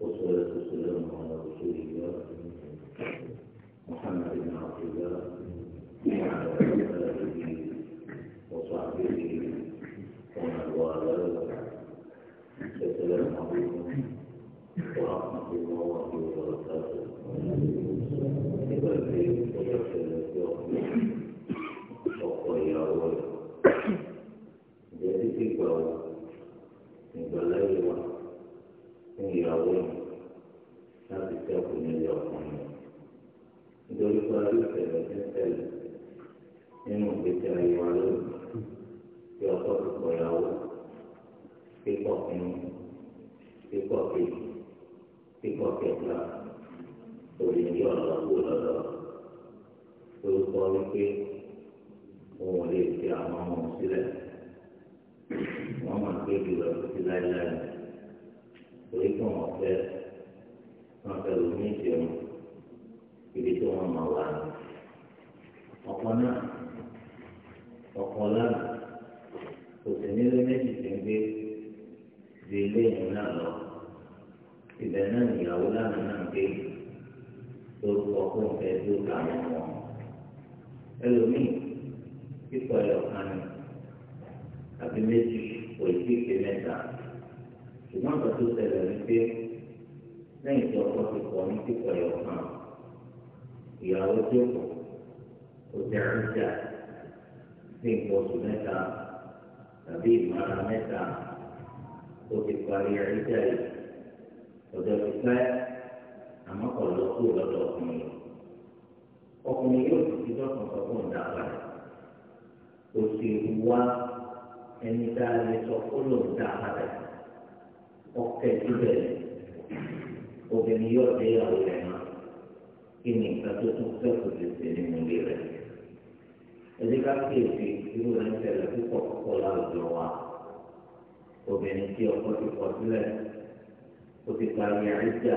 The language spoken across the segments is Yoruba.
والصلاة والسلام على رسول محمد بن عبد وصحبه ومن والاه السلام عليكم ṣẹ́kù nílé ọkùnrin nítorí pé ọdún ìṣẹ̀lẹ̀ ti ń tẹ̀lé nínú ìgbésí ayé wa lónìí tí ọkọ ti pọ̀ ìyàwó pípọ̀ kìíní pípọ̀ kejì pípọ̀ kẹta òye ní ọ̀nà kú lọ́dọ̀ lórúkọ wípé òun ò lè fi àwọn ọmọ sílẹ̀ wọ́n máa gbé jùlọ títí láéláé torí pé wọ́n fẹ́ wọn fẹ́ lómi ìjẹun ibi tí wọ́n máa wà ní. ọ̀pọ̀ náà ọ̀pọ̀ lánàá kò sì nílé méjì tí ń gbé ju ilé ìrìn náà lọ. ibẹ̀ náà nìyàwó lánàá náà gbé lórúkọ fún ìfẹ́ tó kà wọ́n wọn. ẹlòmíì kíkọ ẹ̀ ọ̀kan ni àbí méjì kò ì lẹ́yìn tí ọkọ ti pọ̀ ní pípọ̀ ẹ̀yọ̀ kan ìyàwó tí ó pọ̀ ó ti àrùjà sí nǹkan oṣù mẹ́ta tàbí ìmọ̀ràn mẹ́ta ó ti parí àrùjà yìí ọ̀dọ̀ ti pẹ́ àmọ́ kọ̀ lọ kú lọ́dọ̀ ọkùnrin ọkùnrin yóò ti fi dọ́kàn sọ fún ìdá kò sì wá ẹni tá lè sọ fún lòun dá padà ọkẹ́ síbẹ̀ obìnrin yóò dé ìyàwó rẹ̀ náà kí ni nǹkan tó tún fẹ́ kò sì sí nínú ilé rẹ̀. ẹ̀dí ká kíyèsí irú rẹ̀ ń tẹ̀lé púpọ̀ púpọ̀ láwùjọ wa obìnrin tí ọkọ ti kọ sílẹ̀ ó ti parí àríjà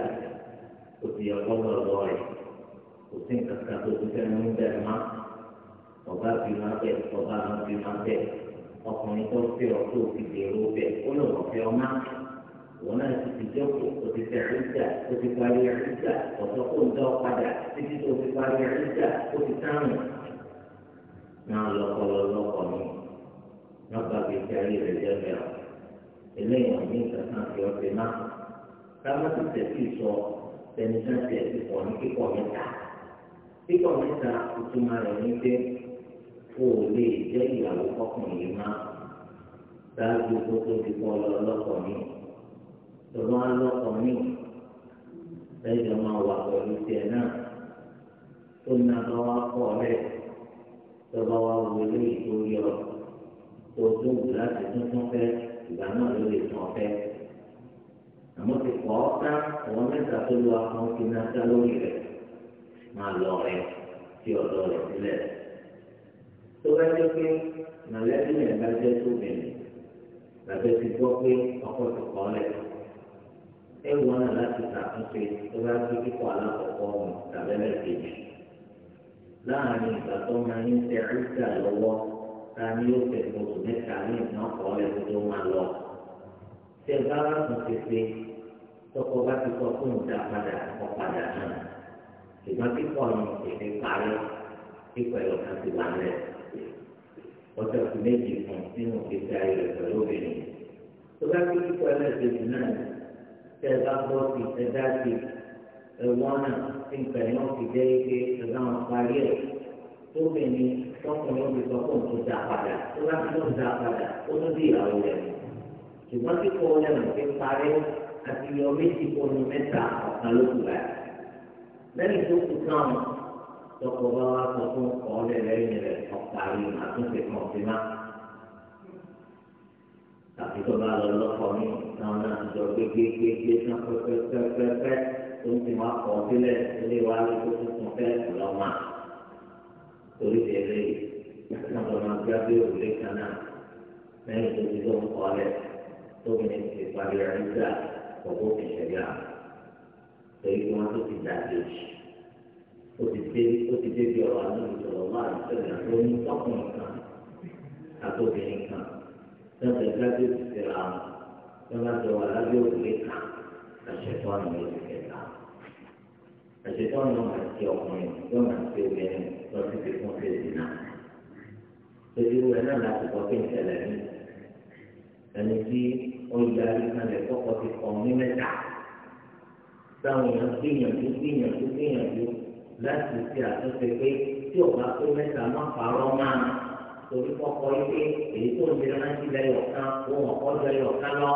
ó ti ọkọ lọ́dọ̀ rẹ̀ kò sí nǹkan kan tó tún fẹ́ mú bẹ́ẹ̀ má ọba bí má bẹ́ẹ̀ ọba má bí má bẹ́ẹ̀ ọkùnrin tó fẹ́ ọ tó dèrò bẹ́ẹ̀ ó lọ́wọ́ fẹ́ ọ má وما تتجوز وتتعزى وتتوالي عزة وتقول ذو قدع تجد وتتوالي عزة وتتعمل مع الله الله قوي نبقى في تعليل الجامعة إلينا من تسمع في وقتنا كما تتفي صوت تنسان تأتي قواني في قوانيتا في قوانيتا تسمع لنيك فولي جاي على الحكم لما تاجو كتب قول الله قوي lọ́wọ́ á lọ́kọ̀ lẹ́yìn lọ́ máa wà pẹ̀lú tiẹ̀ náà tó ní abá wa pọ̀ rẹ̀ lọ́wọ́ wa wọlé ìtòrí ọ tó tó wù láti tuntun fẹ́ ìgbà náà ló lè tàn fẹ́ àmọ́ ti pọ̀ ọ́ ká àwọn mẹ́ta tó lu akọ́n ti ná sá lórí rẹ̀ máa lọ rẹ̀ tí ọ̀dọ́ rẹ̀ sílẹ̀ tó bá jẹ́ pé màlẹ́bí yẹn bá jẹ́ tó bẹ̀rẹ̀ làbẹ́ ti gbọ́ pé ọkọ̀ tó kọ́ lẹ́nu ẹrù ọ̀nà láti ṣàtúnṣe tó bá gbé kíkọ́ alákọ̀ọ́kọ́ mi tàbẹ́lẹ̀ kejì. láàrin ìgbà tó máa ń tẹ àìsà lọ́wọ́ ta ni yóò fẹ̀sùn oṣù mẹ́ta ní ìtàn ọ̀rẹ́ tó tó máa lọ. tẹ bá rákùn ṣeṣe tọkọ bá ti sọ fún ìta padà kọ padà náà. ṣùgbọ́n kíkọ́ ọ̀nà èdè parí kíkọ́ ẹ̀rọ kan ti wà lẹ̀. ọjọ́ ti méjì fún sínú ìgbésí ayé rẹ̀ pẹ̀lú obìnrin. tó bá gbé kíkọ́ ẹlẹ́sẹ̀ tẹ ẹ bá gbọ́ sí ẹ dá sí ẹ̀wọ́n náà tí nǹkan ẹ̀ náà fi jẹ́ ike ẹ bá wọn parí ẹ̀ tó bẹ̀ ni tọkùnrin òbí sọ fún òun dá padà tó bá fi lóun dá padà ó tún bí ìyàwó rẹ̀ ṣùgbọ́n tí kò lẹ́nu ti parí àti yọ méjì kó nu mẹ́ta ọ̀kan ló kù rẹ̀ lẹ́yìn tó kù náà tọkọ bá wa sọ fún ọ̀ọ́lẹ̀ lẹ́yìn rẹ̀ ọ̀parí tàbí tó bá lọ lọ́kọ̀ ní táwọn náà ti jọ gbégbégbé tán pẹ́pẹ́pẹ́pẹ́ tó ń ti wá kọ́ sílẹ̀ ilé wa ló tó tuntun fẹ́ lọ́mà torí tẹ̀lé ìtàkùn máa gbá bí òrùlé kan náà lẹ́yìn tó ti tó ń kọ́ lẹ̀ tóbi ní ti parí àríṣà ọ̀gbọ́n ìṣẹ̀lẹ̀ àwọn torí kí wọ́n tó ti dà lójì ó ti dé ó ti dé bí ọ̀rọ̀ àdúgbò sọ̀rọ̀ wá àti sẹ́yìn àti oní ọkùnrin kan àti obìnrin kan lábẹ́ òkúta ra wọn bá jọ wà lábẹ́ òkúta kan àṣetọ́ ọ̀nà méjì kẹta àṣetọ́ ọ̀nà máa ti ọkùnrin yóò máa ti obìnrin lọ sí ti fún fèsì náà tètè wẹ̀ náà láti kọ́ pé ìṣẹ̀lẹ̀ ní ẹni tí ó yà ìkànnì kọ́kọ́ ti kọ́ ní mẹ́ta táwọn èèyàn gbìyànjú gbìyànjú gbìyànjú láti ṣe àtúnṣe pé tí ọ̀gá pé mẹ́ta má parọ́ máa torí kọ́kọ́ ilé èyí tó ń bẹ̀rẹ̀ láti lẹ́yọ̀ kan òun ọ̀kọ́ lẹ́yọ̀ kan lọ.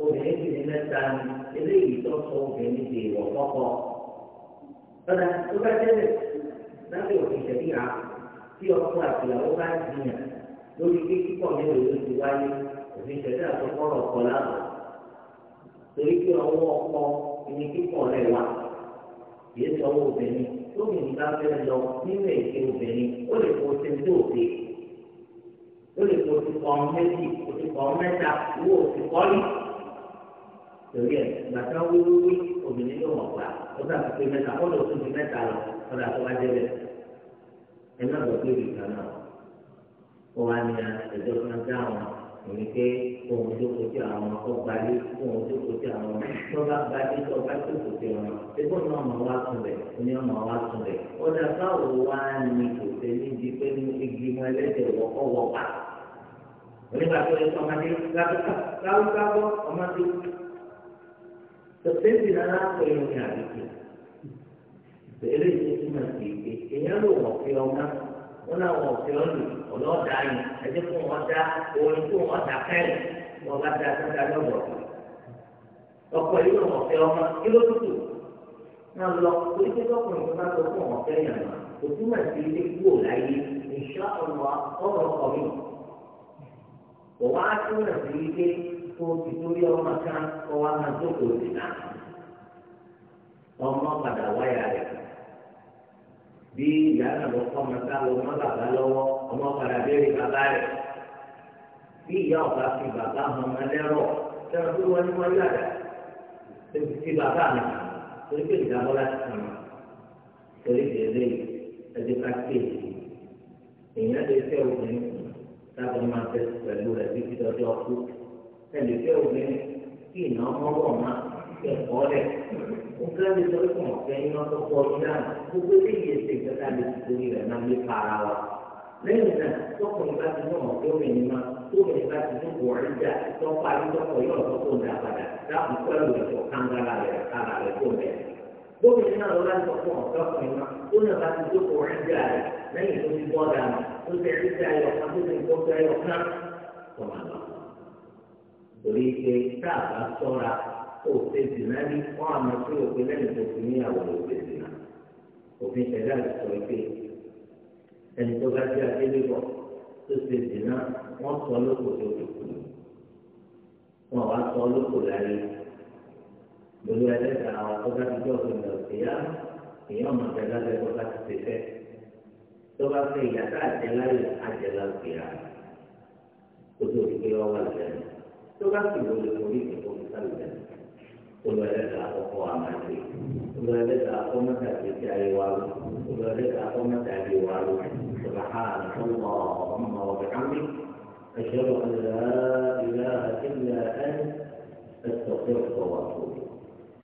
obìnrin sì ní mẹ́ta ni eléyìí tó sọ obìnrin di ìwọ̀ kọ́kọ́. lọ́dà tó bá tẹ́lẹ̀ lábẹ́ òfin ṣẹ̀díyà tí ọkọ àtìyàwó bá jiyàn lórí pé kíkọ̀ mélòó ló ti wáyé òfin ṣẹ̀díyà tó kọ́rọ̀ ọ̀kọ́ lánàá. torí pé ọwọ́ ọkọ ìní kíkọ̀ rẹ̀ wà lóbi nígbà fẹ́ lọ nínú èké obìnrin ó lè kó ṣe tó òde ó lè kó ti kọ́ méjì kó ti kọ́ mẹ́ta owó òsì kọ́lì torí ẹ̀ gbàtà wíwíwí obìnrin ló mọ̀ gbà ó dàbí pé mẹ́ta ó lọ síbi mẹ́ta lọ ó dà tó wá débẹ̀ ẹ má gbọ́ pé ìgbà náà ó wá ní ẹjọ́ kan dáhùn òní pé ohun tó kò sí àwọn ọgbàlẹ ohun tó kò sí àwọn tọ́ba gbalẹ tọ́ba tó kò sí ọmọ ẹgbọ́n náà mọ̀ wá sùn bẹ̀ ní ọmọ wá sùn bẹ̀ ọ̀dà báwo wá ní kò sí níbi pé ní igi mọ ẹlẹ́dẹ̀ wọ́kọ́ wọ́pa onígbà tó yẹ ọmọdé lábẹ́ká lábẹ́káwọ́ ọmọdé tọ́tẹ́sì náà pẹ̀lú ní àdìsí tẹ́lẹ̀ tó túmọ̀ sí èèyàn ló wọ̀ fi ọmọ wọn náà wọn ò fi ọlù ọ̀nà ọ̀dà yìí ẹjẹ fún wọn dá orin fún wọn dá kẹ́lẹ̀ wọn bá dá sọ́dá lọ́wọ́ ọkọ̀ yìí wọn fẹ́ ọmọ kí ló tútù náà lọ torí pé lọ́kùnrin tó bá sọ fún wọn fẹ́ yàn án kò túmọ̀ sí ilé kúrò láyé ìṣá ọ̀nà ọ̀nà ọkọ̀ mi kò wá túmọ̀ sí ilé tó ti torí ọmọ kan kọ́ wa máa jókòó sí náà ọmọ padà wáyà rẹ̀ kù bí ìyá náà lọ kọ́ ọmọ sá lọ ọmọ bàbá lọ́wọ́ ọmọ padà béèrè bàbá rẹ̀ bí ìyá ọ̀gá fi bàbá hàn ọmọ lẹ́rọ̀ sẹ́wọ́n tó wọ́n ní wọ́n yàrá ti bàbá mi torí pé ìdáwọ́ láti kàn án torí ìdílé ẹ̀jẹ̀ ká kéèké èèyàn lè fẹ́ obìnrin sábà máa fẹ́ pẹ̀lú rẹ̀ títí dọ́jọ́ kú ẹ̀ lè fẹ́ obìnrin kí ìnáwó máa kí ẹ̀kọ́ rẹ̀ ó kí lóde sọ pé kò fẹ́ iná tó pọ̀ iná gbogbo ilé yìí ṣe ìgbésà lè ti torí rẹ̀ náà lé para wa lẹ́yìn náà tọkùnrin bá ti mú ọ̀gbẹ́ obìnrin máa tó obìnrin bá ti mú buhari jà tó parí tọkọ yóò tó tó dà padà láàbù pẹ̀lú ẹ̀fọ́ kángára rẹ̀ kára rẹ̀ tó bẹ̀. gómìnà náà ló sọ fún ọ̀gbẹ́kùnrin máa tó náà bá ti tó òfin dìnnà ní wọn àmọ́ sí òfin lẹ́yìn tó fi níyàwó òfin dìnnà òfin ṣẹlẹ̀ àtìsọ ìpè ẹni tó bá jẹ adélébọ tó ṣe dìnnà wọn sọ lóko tó tó kù wọn wá sọ lóko láyé lórí ẹlẹ́ta àwọn tó bá ti jọ òfin lọ sí yá èèyàn mọ̀ bẹ́ẹ̀ lábẹ́ tó bá ti ṣe fẹ́ tó bá fẹ́ ìyàtọ̀ àjẹláyè àjẹlá òkè rà kó tó fi pé wọn wà tó bá sì wọlé orí ìgbẹ́ tó fi sálẹ̀ lẹ́nu. olùwẹ̀lẹ́ta àkọ́kọ́ àmàlẹ́ olùwẹ̀lẹ́ta àkọ́mọ́ta àgbèjà ìwàlú olùwẹ̀lẹ́ta àkọ́mọ́ta ìwàlú سبحانك اللهم وبحمدك أشهد أن لا إله إلا أنت أستغفرك وأتوب إليك